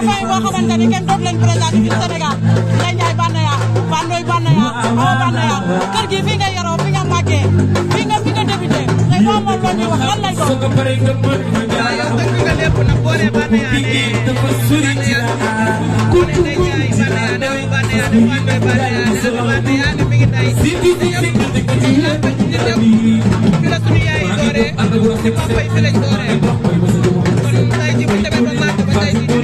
famille boo xamante ni kenn dootu leen présenté fii Sénégal Ndeye Ndiaye Banaya Bandoy Banaya Awa Banaya kër gi fii nga yoroo fi nga màggee fi nga fi nga débuté tey boo amoon loo ñuy wax lan lay doon. waaw yow dëgg nga lépp nag boo nee Banaya de Banaya de Ndiaye Banaya de Banaya de Bandoy Banaya de Banaya de mi ngi tey te ñëpp ñu naan ko ci ñëpp ñu la suñu yaay dooree papa yi fi lañ dooree kon tey jii bu ñu demee ba màgg ba tey jii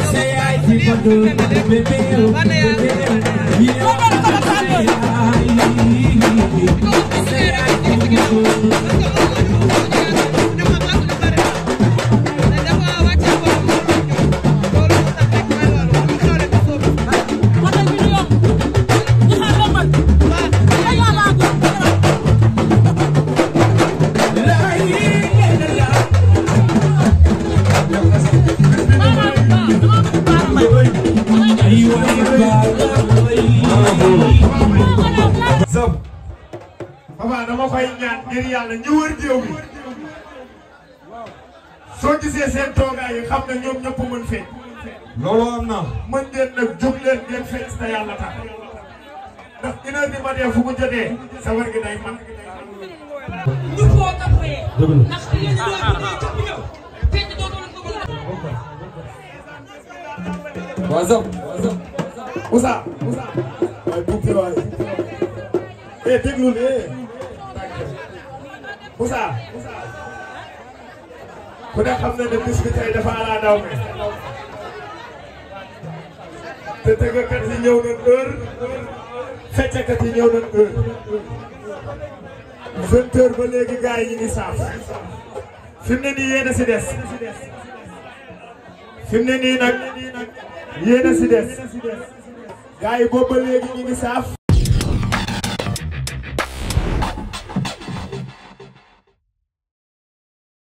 Say I see you, baby, baby, baby. sëb papa dama koy ñaan ngir yàlla ñi wër géew bi soo gisee seen toogaay yi xam ne ñoom ñëpp mën fekk loolu am na mën ngeen nag jóg leen ngeen fekk te yàlla tax ndax une heure ma dee fu mu jotee sa gi day man ñu ko toppee ndax yéen ñoo waa sëb Ousa waay bukki waay eh déglul eh Moussa ku ne xam na ne bis bi tey dafa ala daw me te tëggkat yi ñëw nañ heure feccekat yi ñëw nañ heure vingt heures ba léegi gars yi ñu ngi saaf fi mu ne nii yéen a si des fi ne nii nag yéen a si des gars yi boobu ba léegi ñu ngi saaf.